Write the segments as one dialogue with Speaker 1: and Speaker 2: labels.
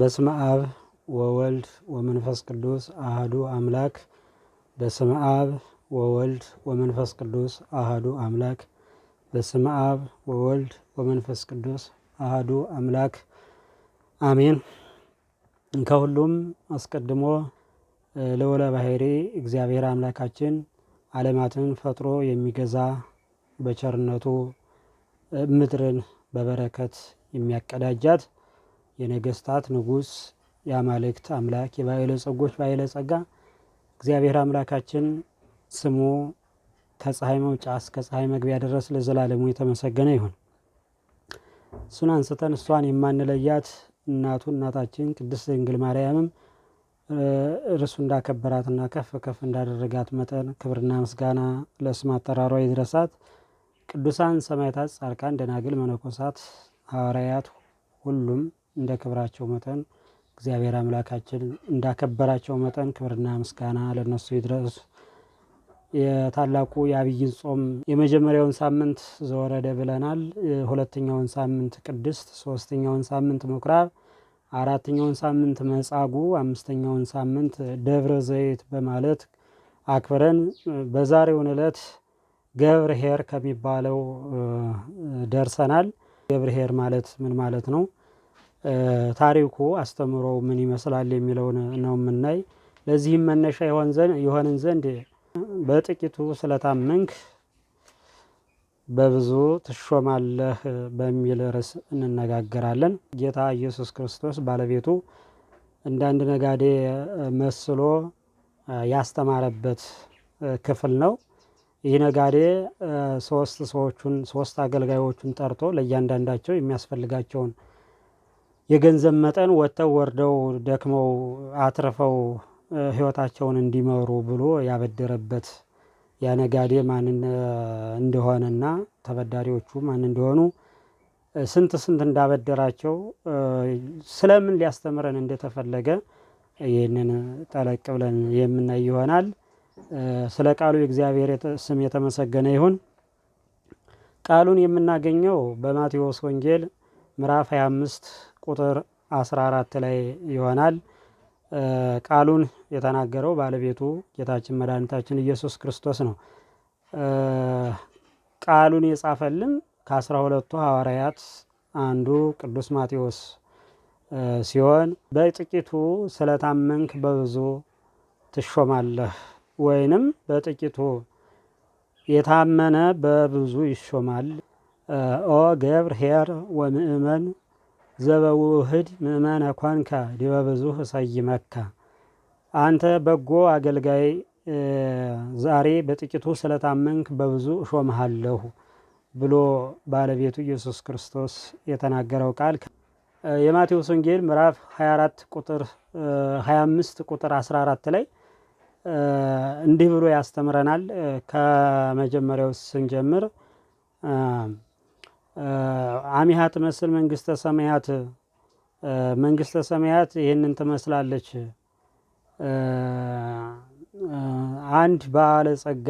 Speaker 1: በስመ አብ ወወልድ ወመንፈስ ቅዱስ አህዱ አምላክ። በስመ አብ ወወልድ ወመንፈስ ቅዱስ አህዱ አምላክ። በስመ አብ ወወልድ ወመንፈስ ቅዱስ አህዱ አምላክ አሜን። ከሁሉም አስቀድሞ ለወለ ባህሪ እግዚአብሔር አምላካችን ዓለማትን ፈጥሮ የሚገዛ በቸርነቱ ምድርን በበረከት የሚያቀዳጃት የነገስታት ንጉስ የአማልክት አምላክ ባይለ ጸጋ እግዚአብሔር አምላካችን ስሙ ከፀሐይ መውጫ እስከ ፀሐይ መግቢያ ድረስ ለዘላለሙ የተመሰገነ ይሁን። እሱን አንስተን እሷን የማንለያት እናቱ እናታችን ቅድስት ድንግል ማርያምም እርሱ እንዳከበራትና ከፍ ከፍ እንዳደረጋት መጠን ክብርና ምስጋና ለስም አጠራሯ ይድረሳት። ቅዱሳን ሰማዕታት፣ ጻድቃን፣ ደናግል፣ መነኮሳት፣ ሐዋርያት ሁሉም እንደ ክብራቸው መጠን እግዚአብሔር አምላካችን እንዳከበራቸው መጠን ክብርና ምስጋና ለነሱ ይድረስ። የታላቁ የአብይን ጾም የመጀመሪያውን ሳምንት ዘወረደ ብለናል። ሁለተኛውን ሳምንት ቅድስት፣ ሶስተኛውን ሳምንት ምኩራብ፣ አራተኛውን ሳምንት መጻጉ አምስተኛውን ሳምንት ደብረ ዘይት በማለት አክብረን በዛሬውን ዕለት ገብርሄር ከሚባለው ደርሰናል። ገብርሄር ማለት ምን ማለት ነው? ታሪኩ አስተምሮ ምን ይመስላል የሚለውን ነው የምናይ። ለዚህም መነሻ የሆንን ዘንድ በጥቂቱ ስለታመንክ በብዙ ትሾማለህ በሚል ርዕስ እንነጋገራለን። ጌታ ኢየሱስ ክርስቶስ ባለቤቱ እንደ አንድ ነጋዴ መስሎ ያስተማረበት ክፍል ነው። ይህ ነጋዴ ሶስት ሰዎቹን ሶስት አገልጋዮቹን ጠርቶ ለእያንዳንዳቸው የሚያስፈልጋቸውን የገንዘብ መጠን ወጥተው ወርደው ደክመው አትርፈው ህይወታቸውን እንዲመሩ ብሎ ያበደረበት ያነጋዴ ነጋዴ ማን እንደሆነና ተበዳሪዎቹ ማን እንደሆኑ ስንት ስንት እንዳበደራቸው ስለምን ሊያስተምረን እንደተፈለገ ይህንን ጠለቅ ብለን የምናይ ይሆናል። ስለ ቃሉ የእግዚአብሔር ስም የተመሰገነ ይሁን። ቃሉን የምናገኘው በማቴዎስ ወንጌል ምዕራፍ 25 ቁጥር 14 ላይ ይሆናል። ቃሉን የተናገረው ባለቤቱ ጌታችን መድኃኒታችን ኢየሱስ ክርስቶስ ነው። ቃሉን የጻፈልን ከአስራ ሁለቱ ሐዋርያት አንዱ ቅዱስ ማቴዎስ ሲሆን በጥቂቱ ስለታመንክ በብዙ ትሾማለህ ወይንም በጥቂቱ የታመነ በብዙ ይሾማል። ኦ ገብር ሄር ወምእመን ዘበውህድ ምእመነ ኳንካ ዲበ እሳይ መካ አንተ በጎ አገልጋይ ዛሬ በጥቂቱ ስለታመንክ በብዙ እሾምሃለሁ ብሎ ባለቤቱ ኢየሱስ ክርስቶስ የተናገረው ቃል የማቴዎስ ወንጌል ምዕራፍ 24 ቁጥር 25 ቁጥር 14 ላይ እንዲህ ብሎ ያስተምረናል። ከመጀመሪያው ስንጀምር አሚሃ ትመስል መንግስተ ሰማያት መንግስተ ሰማያት ይህንን ትመስላለች። አንድ ጸጋ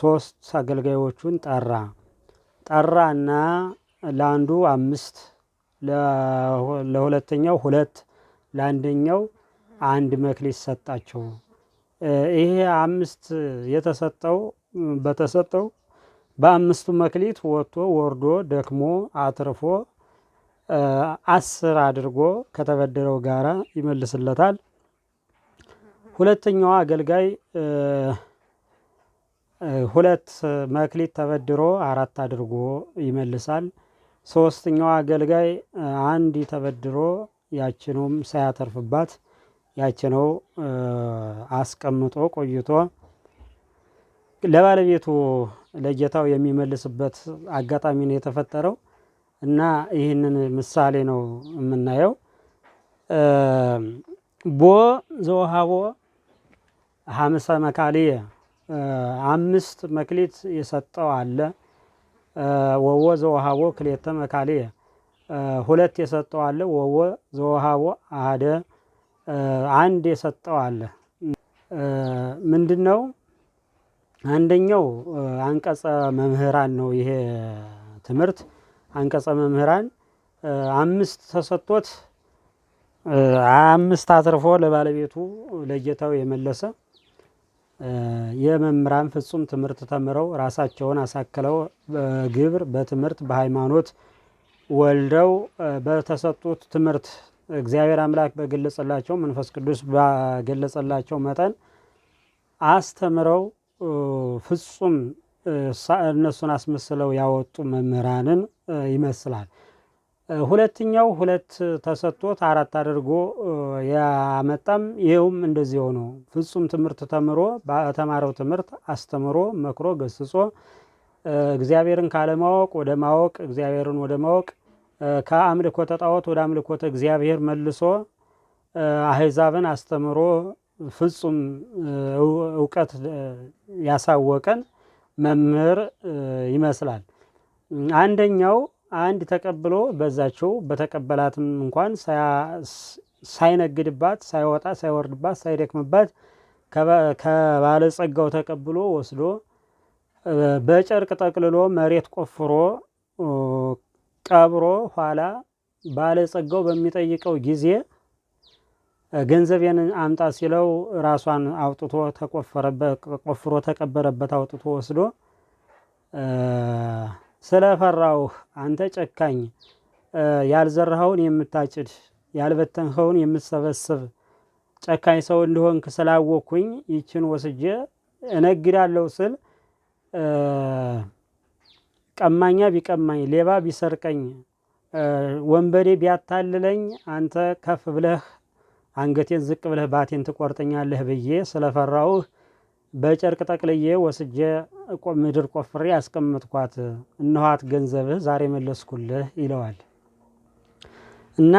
Speaker 1: ሶስት አገልጋዮቹን ጠራ ጠራና ለአንዱ አምስት ለሁለተኛው ሁለት ለአንደኛው አንድ መክሊት ሰጣቸው። ይሄ አምስት የተሰጠው በተሰጠው በአምስቱ መክሊት ወጥቶ ወርዶ ደክሞ አትርፎ አስር አድርጎ ከተበደረው ጋራ ይመልስለታል። ሁለተኛው አገልጋይ ሁለት መክሊት ተበድሮ አራት አድርጎ ይመልሳል። ሶስተኛው አገልጋይ አንድ ተበድሮ ያችነውም ሳያተርፍባት ያችነው አስቀምጦ ቆይቶ ለባለቤቱ ለጌታው የሚመልስበት አጋጣሚ ነው የተፈጠረው እና ይህንን ምሳሌ ነው የምናየው። ቦ ዘወሃቦ ሀምሰ መካልየ አምስት መክሊት የሰጠው አለ። ወወ ዘውሃቦ ክሌተ መካልየ ሁለት የሰጠው አለ። ወወ ዘውሃቦ አደ አንድ የሰጠው አለ። ምንድን ነው? አንደኛው አንቀጸ መምህራን ነው። ይሄ ትምህርት አንቀጸ መምህራን አምስት ተሰጥቶት አምስት አትርፎ ለባለቤቱ ለጌታው የመለሰ የመምህራን ፍጹም ትምህርት ተምረው ራሳቸውን አሳክለው በግብር በትምህርት በሃይማኖት ወልደው በተሰጡት ትምህርት እግዚአብሔር አምላክ በገለጸላቸው መንፈስ ቅዱስ በገለጸላቸው መጠን አስተምረው ፍጹም እነሱን አስመስለው ያወጡ መምህራንን ይመስላል። ሁለተኛው ሁለት ተሰጥቶት አራት አድርጎ ያመጣም ይኸውም እንደዚህ ነው። ፍጹም ትምህርት ተምሮ በተማረው ትምህርት አስተምሮ መክሮ ገስጾ እግዚአብሔርን ካለማወቅ ወደ ማወቅ እግዚአብሔርን ወደ ማወቅ ከአምልኮተ ጣዖት ወደ አምልኮተ እግዚአብሔር መልሶ አህዛብን አስተምሮ ፍጹም እውቀት ያሳወቀን መምህር ይመስላል። አንደኛው አንድ ተቀብሎ በዛቸው በተቀበላትም እንኳን ሳይነግድባት ሳይወጣ ሳይወርድባት ሳይደክምባት ከባለጸጋው ተቀብሎ ወስዶ በጨርቅ ጠቅልሎ መሬት ቆፍሮ ቀብሮ ኋላ ባለጸጋው በሚጠይቀው ጊዜ ገንዘቤን አምጣ ሲለው ራሷን አውጥቶ ተቆፈረበት ቆፍሮ ተቀበረበት አውጥቶ ወስዶ ስለፈራውህ አንተ ጨካኝ ያልዘራኸውን የምታጭድ ያልበተንኸውን የምትሰበስብ ጨካኝ ሰው እንደሆንክ ስላወቅኩኝ ይችን ወስጄ እነግዳለሁ ስል ቀማኛ ቢቀማኝ፣ ሌባ ቢሰርቀኝ፣ ወንበዴ ቢያታልለኝ አንተ ከፍ ብለህ አንገቴን ዝቅ ብለህ ባቴን ትቆርጠኛለህ ብዬ ስለፈራው በጨርቅ ጠቅልዬ ወስጄ ምድር ቆፍሬ ያስቀመጥኳት እነኋት ገንዘብህ ዛሬ መለስኩልህ ይለዋል። እና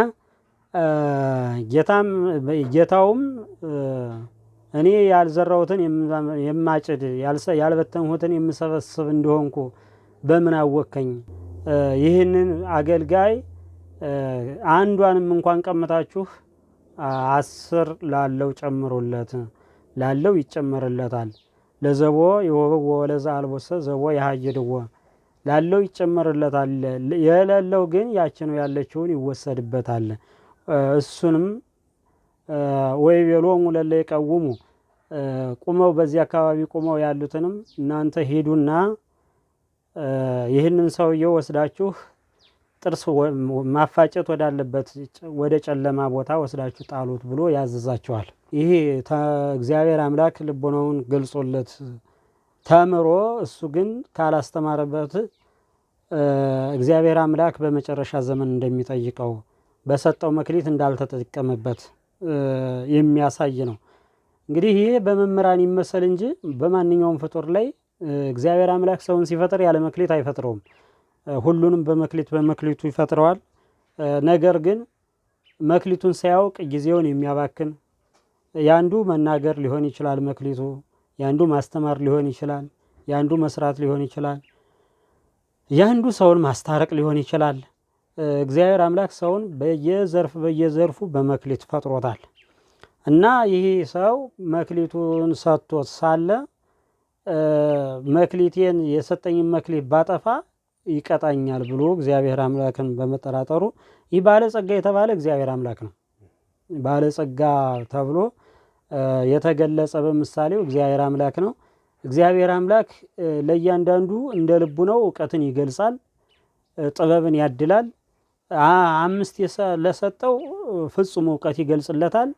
Speaker 1: ጌታውም እኔ ያልዘራሁትን የማጭድ ያልበተንሁትን የምሰበስብ እንደሆንኩ በምን አወከኝ? ይህንን አገልጋይ አንዷንም እንኳን ቀምታችሁ አስር ላለው ጨምሩለት ላለው ይጨመርለታል። ለዘቦ የወበወ ወለዛ አልቦሰ ዘቦ ያሀየድወ ላለው ይጨመርለታል። የሌለው ግን ነው ያለችውን ይወሰድበታል። እሱንም ወይ ቤሎሙ ለለ ይቀውሙ ቁመው በዚህ አካባቢ ቁመው ያሉትንም እናንተ ሂዱና ይህንን ሰውየው ወስዳችሁ ጥርስ ማፋጨት ወዳለበት ወደ ጨለማ ቦታ ወስዳችሁ ጣሉት ብሎ ያዘዛቸዋል። ይሄ እግዚአብሔር አምላክ ልቦናውን ገልጾለት ተምሮ እሱ ግን ካላስተማረበት እግዚአብሔር አምላክ በመጨረሻ ዘመን እንደሚጠይቀው በሰጠው መክሊት እንዳልተጠቀመበት የሚያሳይ ነው። እንግዲህ ይሄ በመምህራን ይመሰል እንጂ በማንኛውም ፍጡር ላይ እግዚአብሔር አምላክ ሰውን ሲፈጥር ያለ መክሊት አይፈጥረውም። ሁሉንም በመክሊት በመክሊቱ ይፈጥረዋል። ነገር ግን መክሊቱን ሳያውቅ ጊዜውን የሚያባክን የአንዱ መናገር ሊሆን ይችላል መክሊቱ፣ የአንዱ ማስተማር ሊሆን ይችላል፣ የአንዱ መስራት ሊሆን ይችላል፣ የአንዱ ሰውን ማስታረቅ ሊሆን ይችላል። እግዚአብሔር አምላክ ሰውን በየዘርፍ በየዘርፉ በመክሊት ፈጥሮታል እና ይህ ሰው መክሊቱን ሰጥቶት ሳለ መክሊቴን የሰጠኝን መክሊት ባጠፋ ይቀጣኛል ብሎ እግዚአብሔር አምላክን በመጠራጠሩ ይህ ባለጸጋ የተባለ እግዚአብሔር አምላክ ነው። ባለጸጋ ተብሎ የተገለጸ በምሳሌው እግዚአብሔር አምላክ ነው። እግዚአብሔር አምላክ ለእያንዳንዱ እንደ ልቡ ነው። እውቀትን ይገልጻል፣ ጥበብን ያድላል። አምስት ለሰጠው ፍጹም እውቀት ይገልጽለታል።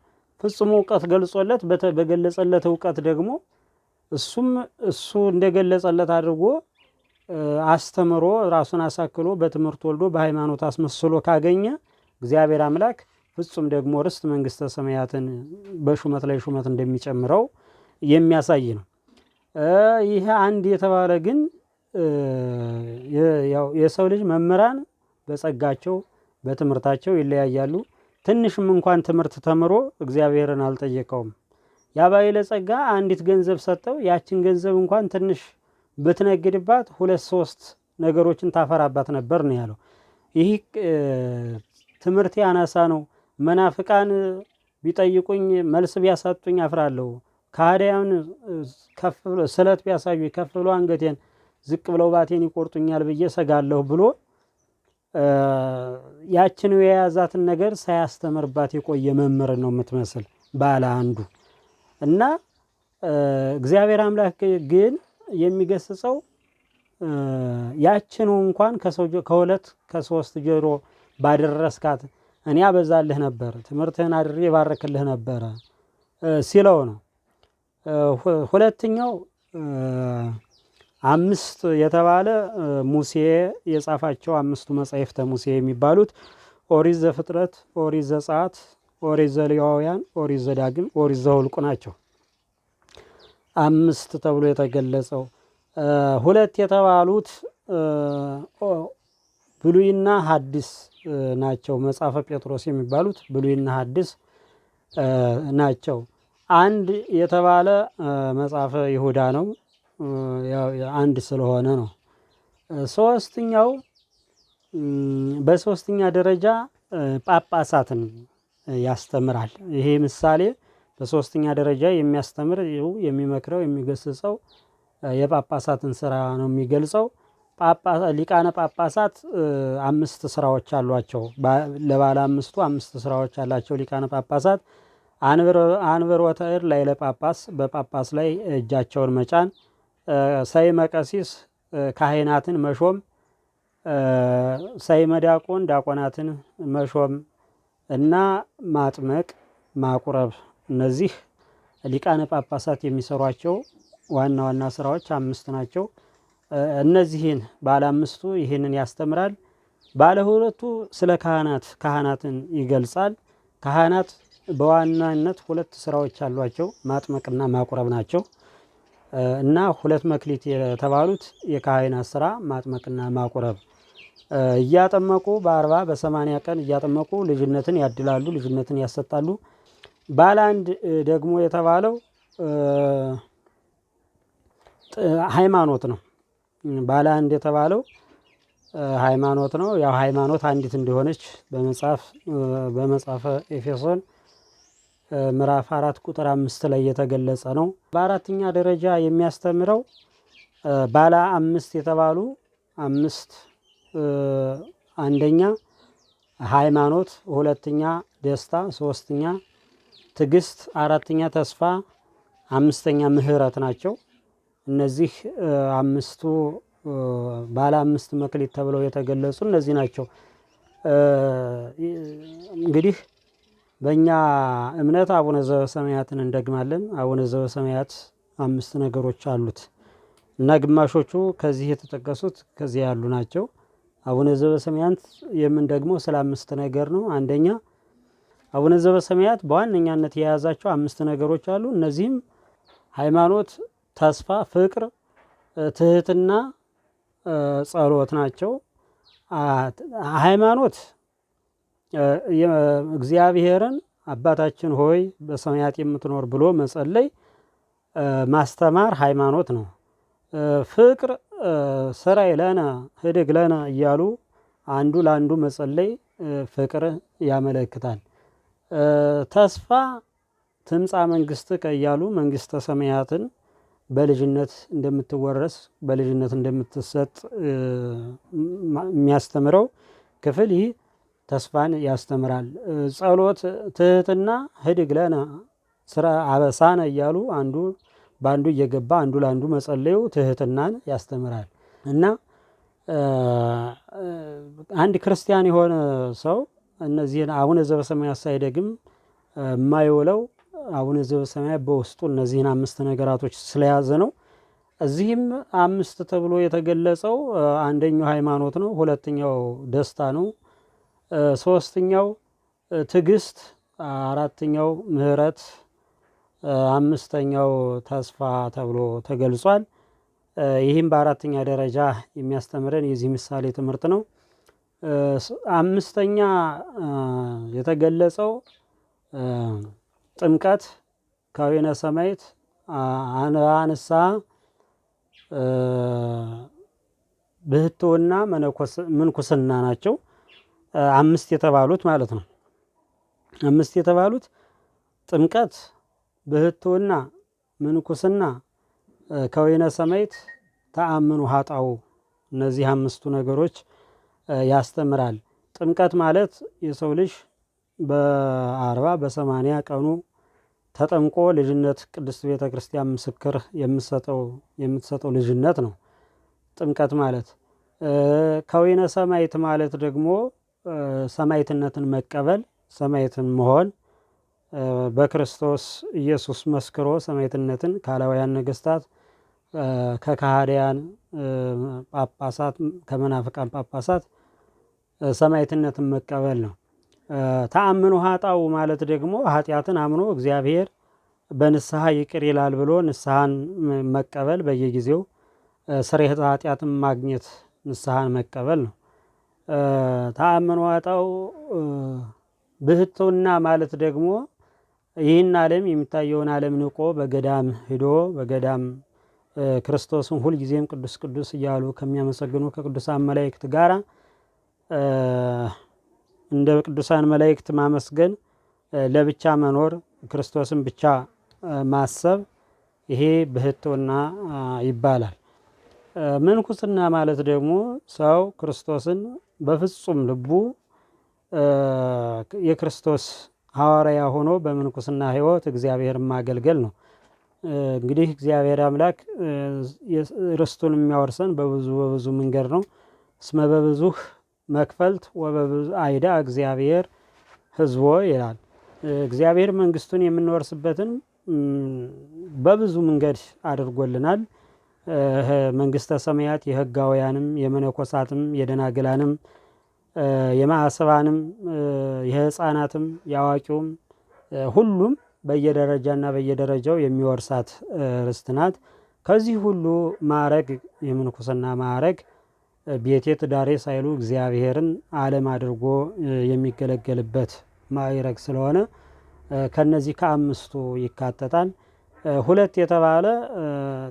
Speaker 1: ፍጹም እውቀት ገልጾለት በገለጸለት እውቀት ደግሞ እሱም እሱ እንደገለጸለት አድርጎ አስተምሮ ራሱን አሳክሎ በትምህርት ወልዶ በሃይማኖት አስመስሎ ካገኘ እግዚአብሔር አምላክ ፍጹም ደግሞ ርስት መንግስተ ሰማያትን በሹመት ላይ ሹመት እንደሚጨምረው የሚያሳይ ነው። ይህ አንድ የተባለ ግን የሰው ልጅ መምህራን በጸጋቸው በትምህርታቸው ይለያያሉ። ትንሽም እንኳን ትምህርት ተምሮ እግዚአብሔርን አልጠየቀውም። የአባይለ ጸጋ አንዲት ገንዘብ ሰጠው። ያችን ገንዘብ እንኳን ትንሽ ብትነግድባት ሁለት ሶስት ነገሮችን ታፈራባት ነበር ነው ያለው። ይህ ትምህርት አናሳ ነው። መናፍቃን ቢጠይቁኝ መልስ ቢያሳጡኝ አፍራለሁ። ከሃዲያን ስለት ቢያሳዩ ከፍ ብሎ አንገቴን ዝቅ ብለው ባቴን ይቆርጡኛል ብዬ ሰጋለሁ ብሎ ያችን የያዛትን ነገር ሳያስተምርባት የቆየ መምር ነው የምትመስል ባለ አንዱ እና እግዚአብሔር አምላክ ግን የሚገስጸው ያችኑ እንኳን ከሁለት ከሶስት ጆሮ ባደረስካት እኔ አበዛልህ ነበር፣ ትምህርትህን አድሬ ባረክልህ ነበረ ሲለው ነው። ሁለተኛው አምስት የተባለ ሙሴ የጻፋቸው አምስቱ መጻሕፍተ ሙሴ የሚባሉት ኦሪት ዘፍጥረት፣ ኦሪት ዘጸአት፣ ኦሪት ዘሌዋውያን፣ ኦሪት ዘዳግም፣ ኦሪት ዘኍልቍ ናቸው። አምስት ተብሎ የተገለጸው ሁለት የተባሉት ብሉይና ሐዲስ ናቸው። መጽሐፈ ጴጥሮስ የሚባሉት ብሉይና ሐዲስ ናቸው። አንድ የተባለ መጽሐፈ ይሁዳ ነው። አንድ ስለሆነ ነው። ሶስተኛው በሶስተኛ ደረጃ ጳጳሳትን ያስተምራል። ይሄ ምሳሌ በሶስተኛ ደረጃ የሚያስተምር የሚመክረው የሚገስጸው የጳጳሳትን ስራ ነው የሚገልጸው። ሊቃነ ጳጳሳት አምስት ስራዎች አሏቸው። ለባለ አምስቱ አምስት ስራዎች አላቸው ሊቃነ ጳጳሳት። አንብሮተ እድ ላይ ለጳጳስ በጳጳስ ላይ እጃቸውን መጫን፣ ሰይመ ቀሲስ ካህናትን መሾም፣ ሰይመ ዲያቆን ዲያቆናትን መሾም እና ማጥመቅ ማቁረብ እነዚህ ሊቃነ ጳጳሳት የሚሰሯቸው ዋና ዋና ስራዎች አምስት ናቸው። እነዚህን ባለ አምስቱ ይህንን ያስተምራል። ባለ ሁለቱ ስለ ካህናት ካህናትን ይገልጻል። ካህናት በዋናነት ሁለት ስራዎች አሏቸው፣ ማጥመቅና ማቁረብ ናቸው እና ሁለት መክሊት የተባሉት የካህናት ስራ ማጥመቅና ማቁረብ እያጠመቁ በአርባ በሰማንያ ቀን እያጠመቁ ልጅነትን ያድላሉ፣ ልጅነትን ያሰጣሉ። ባለ አንድ ደግሞ የተባለው ሃይማኖት ነው። ባለ አንድ የተባለው ሃይማኖት ነው። ያው ሃይማኖት አንዲት እንደሆነች በመጽሐፍ በመጽሐፈ ኤፌሶን ምዕራፍ አራት ቁጥር አምስት ላይ የተገለጸ ነው። በአራተኛ ደረጃ የሚያስተምረው ባለ አምስት የተባሉ አምስት አንደኛ ሃይማኖት፣ ሁለተኛ ደስታ፣ ሶስተኛ ትዕግስት፣ አራተኛ ተስፋ፣ አምስተኛ ምህረት ናቸው። እነዚህ አምስቱ ባለ አምስት መክሊት ተብለው የተገለጹ እነዚህ ናቸው። እንግዲህ በእኛ እምነት አቡነ ዘበሰማያትን እንደግማለን። አቡነ ዘበሰማያት አምስት ነገሮች አሉት እና ግማሾቹ ከዚህ የተጠቀሱት ከዚህ ያሉ ናቸው። አቡነ ዘበሰማያት የምንደግመው ስለ አምስት ነገር ነው። አንደኛ አቡነ ዘበሰማያት በዋነኛነት የያዛቸው አምስት ነገሮች አሉ። እነዚህም ሃይማኖት፣ ተስፋ፣ ፍቅር፣ ትህትና፣ ጸሎት ናቸው። ሃይማኖት እግዚአብሔርን አባታችን ሆይ በሰማያት የምትኖር ብሎ መጸለይ ማስተማር ሃይማኖት ነው። ፍቅር ስራይ ለነ ህድግ ለነ እያሉ አንዱ ለአንዱ መጸለይ ፍቅር ያመለክታል። ተስፋ ትምጻ መንግሥትከ እያሉ መንግስተ ሰማያትን በልጅነት እንደምትወረስ በልጅነት እንደምትሰጥ የሚያስተምረው ክፍል ይህ ተስፋን ያስተምራል። ጸሎት፣ ትህትና ህድግ ለነ ስራ አበሳነ እያሉ አንዱ በአንዱ እየገባ አንዱ ለአንዱ መጸለዩ ትህትናን ያስተምራል እና አንድ ክርስቲያን የሆነ ሰው እነዚህን አቡነ ዘበሰማይ ሳይደግም የማይውለው አቡነ ዘበሰማይ በውስጡ እነዚህን አምስት ነገራቶች ስለያዘ ነው። እዚህም አምስት ተብሎ የተገለጸው አንደኛው ሃይማኖት ነው። ሁለተኛው ደስታ ነው። ሶስተኛው ትዕግስት፣ አራተኛው ምሕረት፣ አምስተኛው ተስፋ ተብሎ ተገልጿል። ይህም በአራተኛ ደረጃ የሚያስተምረን የዚህ ምሳሌ ትምህርት ነው። አምስተኛ የተገለጸው ጥምቀት ከወይነ ሰማይት አንሳ ብህትውና ምንኩስና ናቸው። አምስት የተባሉት ማለት ነው። አምስት የተባሉት ጥምቀት፣ ብህትውና፣ ምንኩስና፣ ከወይነ ሰማይት፣ ተአምኑ ሀጣው እነዚህ አምስቱ ነገሮች ያስተምራል። ጥምቀት ማለት የሰው ልጅ በአርባ በሰማንያ ቀኑ ተጠምቆ ልጅነት ቅድስት ቤተ ክርስቲያን ምስክር የምትሰጠው ልጅነት ነው። ጥምቀት ማለት ከወይነ ሰማይት ማለት ደግሞ ሰማይትነትን መቀበል ሰማይትን መሆን በክርስቶስ ኢየሱስ መስክሮ ሰማይትነትን ከአላውያን ነገስታት ከካህዲያን ጳጳሳት ከመናፍቃን ጳጳሳት ሰማዕትነትን መቀበል ነው። ተአምኑ ኃጣው ማለት ደግሞ ኃጢአትን አምኖ እግዚአብሔር በንስሐ ይቅር ይላል ብሎ ንስሐን መቀበል በየጊዜው ስርየተ ኃጢአትን ማግኘት ንስሐን መቀበል ነው። ተአምኑ ኃጣው ብሕትውና ማለት ደግሞ ይህን ዓለም የሚታየውን ዓለም ንቆ በገዳም ሂዶ በገዳም ክርስቶስን ሁልጊዜም ቅዱስ ቅዱስ እያሉ ከሚያመሰግኑ ከቅዱሳን መላእክት ጋራ እንደ ቅዱሳን መላእክት ማመስገን፣ ለብቻ መኖር፣ ክርስቶስን ብቻ ማሰብ ይሄ ብህትውና ይባላል። ምንኩስና ማለት ደግሞ ሰው ክርስቶስን በፍጹም ልቡ የክርስቶስ ሐዋርያ ሆኖ በምንኩስና ህይወት እግዚአብሔር ማገልገል ነው። እንግዲህ እግዚአብሔር አምላክ ርስቱን የሚያወርሰን በብዙ በብዙ መንገድ ነው። እስመ በብዙህ መክፈልት ወበብዙ አይዳ እግዚአብሔር ህዝቦ ይላል። እግዚአብሔር መንግስቱን የምንወርስበትን በብዙ መንገድ አድርጎልናል። መንግስተ ሰማያት የህጋውያንም፣ የመነኮሳትም፣ የደናግላንም፣ የማዕሰባንም፣ የህፃናትም፣ የአዋቂውም ሁሉም በየደረጃና በየደረጃው የሚወርሳት ርስት ናት። ከዚህ ሁሉ ማዕረግ የምንኩስና ማዕረግ ቤቴ ትዳሬ ሳይሉ እግዚአብሔርን ዓለም አድርጎ የሚገለገልበት ማይረግ ስለሆነ ከነዚህ ከአምስቱ ይካተታል። ሁለት የተባለ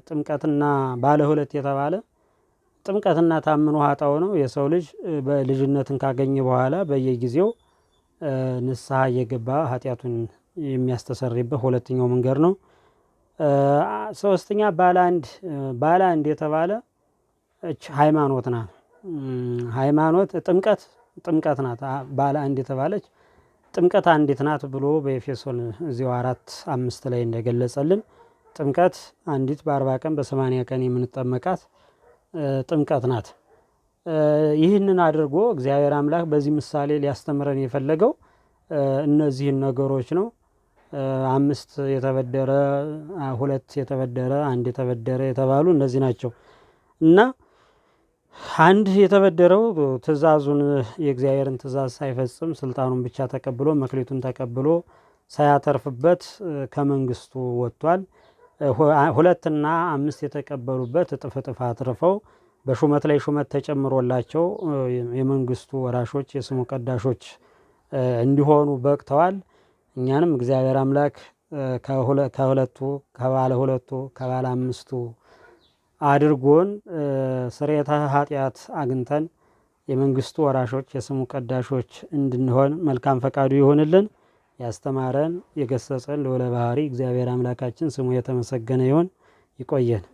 Speaker 1: ጥምቀትና ባለ ሁለት የተባለ ጥምቀትና ታምኖ ኃጣው ነው። የሰው ልጅ በልጅነትን ካገኘ በኋላ በየጊዜው ንስሐ እየገባ ኃጢአቱን የሚያስተሰርይበት ሁለተኛው መንገድ ነው። ሶስተኛ ባለ አንድ ባለ አንድ የተባለ እች ሃይማኖት ናት። ሃይማኖት ጥምቀት ጥምቀት ናት። ባለ አንድ የተባለች ጥምቀት አንዲት ናት ብሎ በኤፌሶን እዚው አራት አምስት ላይ እንደገለጸልን ጥምቀት አንዲት በአርባ ቀን በሰማንያ ቀን የምንጠመቃት ጥምቀት ናት። ይህንን አድርጎ እግዚአብሔር አምላክ በዚህ ምሳሌ ሊያስተምረን የፈለገው እነዚህን ነገሮች ነው። አምስት የተበደረ፣ ሁለት የተበደረ፣ አንድ የተበደረ የተባሉ እነዚህ ናቸው እና አንድ የተበደረው ትእዛዙን የእግዚአብሔርን ትእዛዝ ሳይፈጽም ስልጣኑን ብቻ ተቀብሎ መክሌቱን ተቀብሎ ሳያተርፍበት ከመንግስቱ ወጥቷል። ሁለትና አምስት የተቀበሉበት እጥፍ እጥፍ አትርፈው በሹመት ላይ ሹመት ተጨምሮላቸው የመንግስቱ ወራሾች የስሙ ቀዳሾች እንዲሆኑ በቅተዋል። እኛንም እግዚአብሔር አምላክ ከሁለቱ ከባለ ሁለቱ ከባለ አምስቱ አድርጎን ስርየተ ኃጢአት አግኝተን የመንግስቱ ወራሾች የስሙ ቀዳሾች እንድንሆን መልካም ፈቃዱ ይሆንልን። ያስተማረን የገሰጸን ልዑለ ባህሪ እግዚአብሔር አምላካችን ስሙ የተመሰገነ ይሁን። ይቆየን።